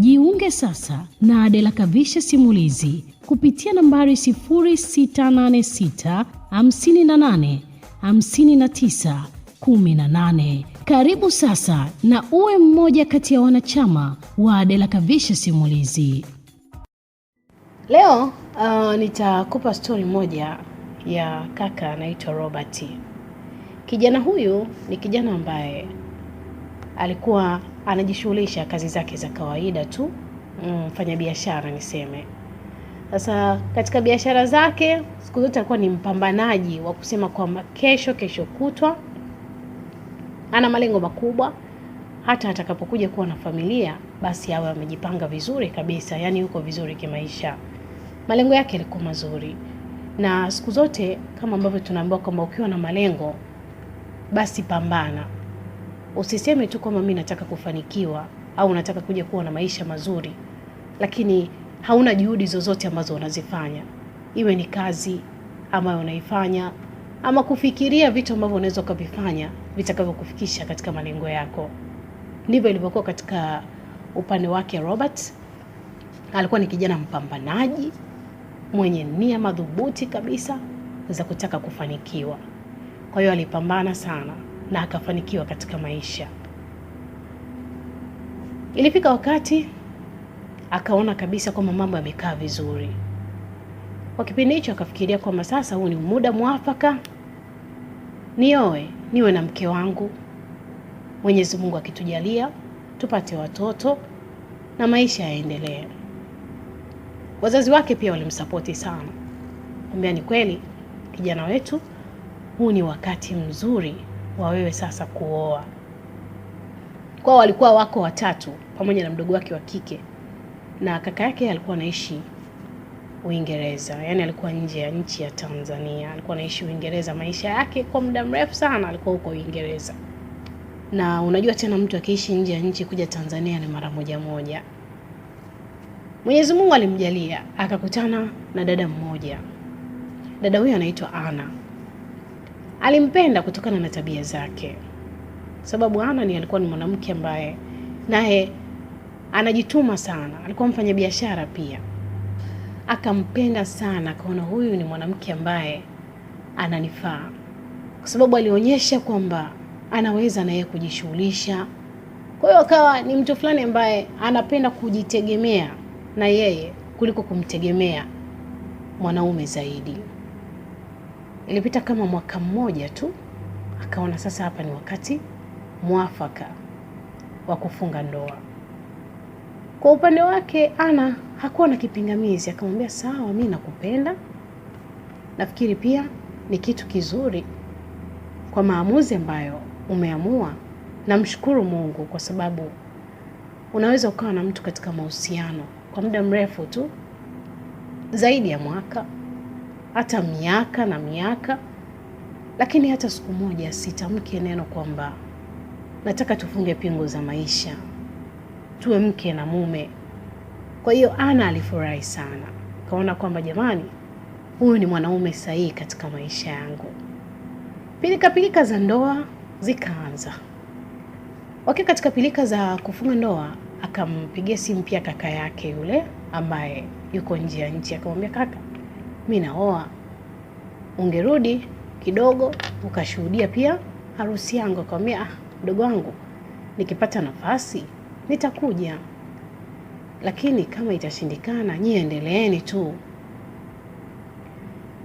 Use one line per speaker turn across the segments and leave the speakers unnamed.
Jiunge sasa na Adela Kavishe Simulizi kupitia nambari 0686 58 59 18. Karibu sasa na uwe mmoja kati ya wanachama wa Adela Kavishe Simulizi.
Leo uh, nitakupa stori moja ya kaka anaitwa Robert. Kijana huyu ni kijana ambaye alikuwa anajishughulisha kazi zake za kawaida tu, mfanya mm, biashara niseme. Sasa katika biashara zake siku zote alikuwa ni mpambanaji wa kusema kwamba kesho, kesho kutwa, ana malengo makubwa. Hata atakapokuja kuwa na familia, basi awe amejipanga vizuri kabisa, yani yuko vizuri kimaisha. Malengo yake yalikuwa mazuri, na siku zote kama ambavyo tunaambiwa kwamba ukiwa na malengo basi pambana. Usiseme tu kwamba mimi nataka kufanikiwa au nataka kuja kuwa na maisha mazuri, lakini hauna juhudi zozote ambazo unazifanya, iwe ni kazi ambayo unaifanya ama kufikiria vitu ambavyo unaweza ukavifanya vitakavyokufikisha katika malengo yako. Ndivyo ilivyokuwa katika upande wake Robert. Alikuwa ni kijana mpambanaji mwenye nia madhubuti kabisa za kutaka kufanikiwa, kwa hiyo alipambana sana na akafanikiwa katika maisha. Ilifika wakati akaona kabisa kwamba mambo yamekaa vizuri. Kwa kipindi hicho akafikiria kwamba sasa huu ni muda mwafaka nioe, niwe na mke wangu, Mwenyezi Mungu akitujalia tupate watoto na maisha yaendelee. Wazazi wake pia walimsapoti sana, ambia ni kweli kijana wetu, huu ni wakati mzuri wa wewe sasa kuoa. Kwao walikuwa wako watatu pamoja na mdogo wake wa kike, na kaka yake alikuwa anaishi Uingereza, yaani alikuwa nje ya nchi ya Tanzania, alikuwa anaishi Uingereza. Maisha yake kwa muda mrefu sana alikuwa huko Uingereza. Na unajua tena, mtu akiishi nje ya nchi kuja Tanzania ni mara moja moja. Mwenyezi Mungu alimjalia akakutana na dada mmoja. Dada huyo anaitwa Ana. Alimpenda kutokana na tabia zake, sababu Anani alikuwa ni mwanamke ambaye naye anajituma sana, alikuwa mfanya biashara pia. Akampenda sana, akaona huyu ni mwanamke ambaye ananifaa, kwa sababu alionyesha kwamba anaweza naye kujishughulisha. Kwa hiyo akawa ni mtu fulani ambaye anapenda kujitegemea na yeye kuliko kumtegemea mwanaume zaidi. Ilipita kama mwaka mmoja tu, akaona sasa hapa ni wakati mwafaka wa kufunga ndoa. Kwa upande wake Ana hakuwa na kipingamizi, akamwambia sawa, mi nakupenda, nafikiri pia ni kitu kizuri kwa maamuzi ambayo umeamua. Namshukuru Mungu kwa sababu unaweza ukawa na mtu katika mahusiano kwa muda mrefu tu zaidi ya mwaka hata miaka na miaka, lakini hata siku moja sitamke neno kwamba nataka tufunge pingu za maisha, tuwe mke na mume. Kwa hiyo Ana alifurahi sana, kaona kwamba jamani, huyu ni mwanaume sahihi katika maisha yangu. Pilikapilika za ndoa zikaanza. Wakiwa katika pilika za kufunga ndoa, akampigia simu pia kaka yake yule ambaye yuko nje ya nchi, akamwambia kaka mi naoa, ungerudi kidogo ukashuhudia pia harusi yangu. Akamwambia, ah, mdogo wangu, nikipata nafasi nitakuja, lakini kama itashindikana, nyie endeleeni tu.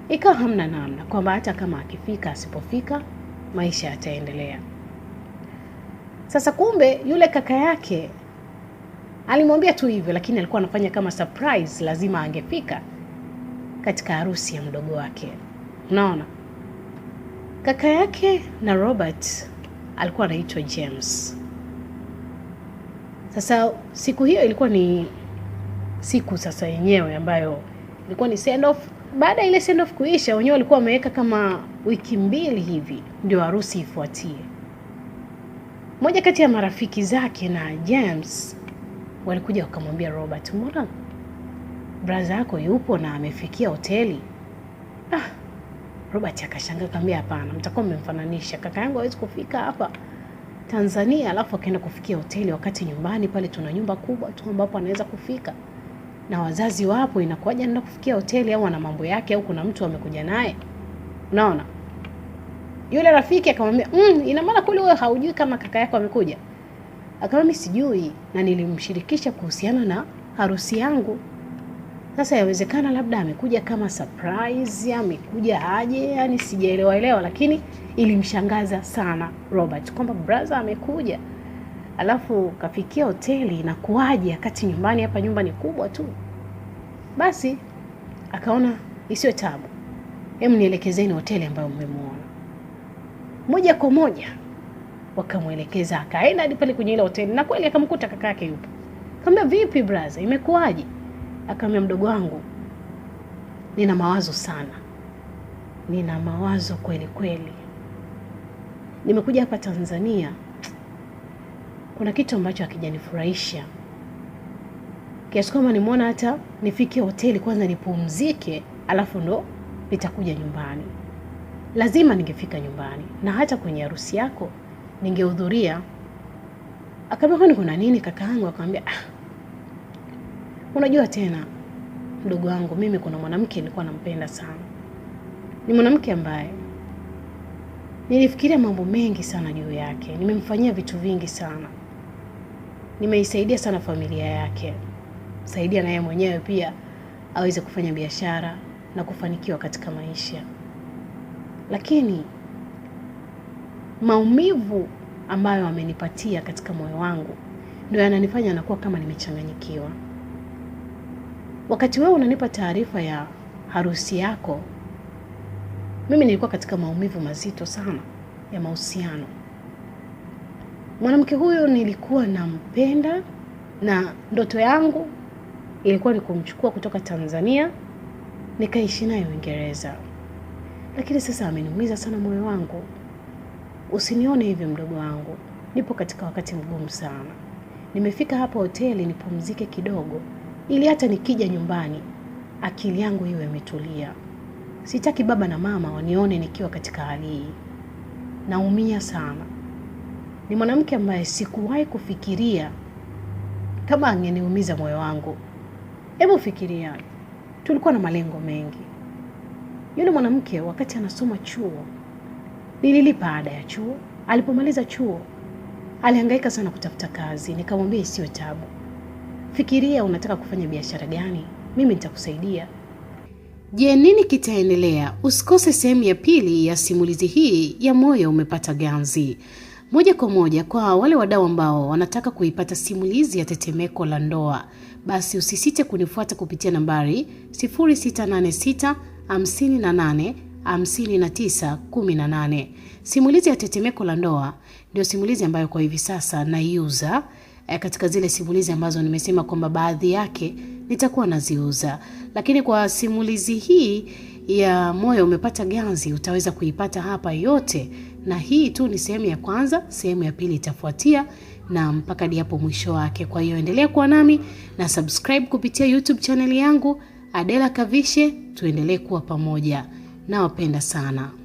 Ikawa hamna namna kwamba hata kama akifika asipofika, maisha yataendelea. Sasa kumbe yule kaka yake alimwambia tu hivyo, lakini alikuwa anafanya kama surprise, lazima angefika katika harusi ya mdogo wake. Unaona, kaka yake na Robert alikuwa anaitwa James. Sasa siku hiyo ilikuwa ni siku sasa yenyewe ambayo ilikuwa ni send off. Baada ya ile send off kuisha, wenyewe walikuwa wameweka kama wiki mbili hivi ndio harusi ifuatie. Moja kati ya marafiki zake na James walikuja wakamwambia Robert, mbona braza yako yupo na amefikia hoteli. Ah, Robert akashangaa kambia hapana, mtakuwa mmemfananisha kaka yangu, hawezi kufika hapa Tanzania alafu akaenda kufikia hoteli, wakati nyumbani pale tuna nyumba kubwa tu ambapo anaweza kufika na wazazi wapo, inakuwaje anaenda kufikia hoteli? Au ana mambo yake, au kuna mtu amekuja naye? Unaona, yule rafiki akamwambia mm, ina maana kule wewe haujui kama kaka yako amekuja? Akamwambia sijui, na nilimshirikisha kuhusiana na harusi yangu. Sasa yawezekana labda amekuja kama surprise, amekuja aje, yani sijaelewa elewa, lakini ilimshangaza sana Robert kwamba brother amekuja, alafu kafikia hoteli na kuaje akati nyumbani hapa, nyumba ni kubwa tu. Basi akaona isiyo tabu, hem, nielekezeni hoteli ambayo mmemwona. Moja kwa moja wakamwelekeza, akaenda hadi pale kwenye ile hoteli na kweli akamkuta kaka yake yupo. Kaambia, vipi brother, imekuwaje? akamwambia mdogo wangu, nina mawazo sana, nina mawazo kweli kweli. Nimekuja hapa Tanzania, kuna kitu ambacho hakijanifurahisha kiasi kwamba nimeona hata nifike hoteli kwanza nipumzike, alafu ndo nitakuja nyumbani. Lazima ningefika nyumbani na hata kwenye harusi yako ningehudhuria. Akaambia, kwani kuna nini kakaangu? Akamwambia ah, Unajua tena mdogo wangu, mimi kuna mwanamke nilikuwa nampenda sana, ni mwanamke ambaye nilifikiria mambo mengi sana juu yake, nimemfanyia vitu vingi sana, nimeisaidia sana familia yake, saidia na yeye mwenyewe pia aweze kufanya biashara na kufanikiwa katika maisha, lakini maumivu ambayo amenipatia katika moyo wangu ndio yananifanya anakuwa kama nimechanganyikiwa. Wakati wewe unanipa taarifa ya harusi yako, mimi nilikuwa katika maumivu mazito sana ya mahusiano. Mwanamke huyo nilikuwa nampenda na ndoto yangu ilikuwa ni kumchukua kutoka Tanzania nikaishi naye Uingereza, lakini sasa ameniumiza sana moyo wangu. Usinione hivyo mdogo wangu, nipo katika wakati mgumu sana. Nimefika hapa hoteli nipumzike kidogo ili hata nikija nyumbani akili yangu iwe imetulia. Sitaki baba na mama wanione nikiwa katika hali hii. Naumia sana. Ni mwanamke ambaye sikuwahi kufikiria kama angeniumiza moyo wangu. Hebu fikiria, tulikuwa na malengo mengi. Yule mwanamke wakati anasoma chuo, nililipa ada ya chuo. Alipomaliza chuo, alihangaika sana kutafuta kazi, nikamwambia isiyo tabu fikiria unataka kufanya biashara gani, mimi nitakusaidia.
Je, nini kitaendelea? Usikose sehemu ya pili ya simulizi hii ya Moyo Umepata Ganzi. Moja kwa moja kwa wale wadau ambao wanataka kuipata simulizi ya tetemeko la ndoa, basi usisite kunifuata kupitia nambari 0686 58 Simulizi ya tetemeko la ndoa ndio simulizi ambayo kwa hivi sasa naiuza e, katika zile simulizi ambazo nimesema kwamba baadhi yake nitakuwa naziuza, lakini kwa simulizi hii ya moyo umepata ganzi utaweza kuipata hapa yote, na hii tu ni sehemu ya kwanza. Sehemu ya pili itafuatia na mpaka diapo mwisho wake. Kwa hiyo endelea kuwa nami na subscribe kupitia YouTube chaneli yangu Adela Kavishe, tuendelee kuwa pamoja. Nawapenda sana.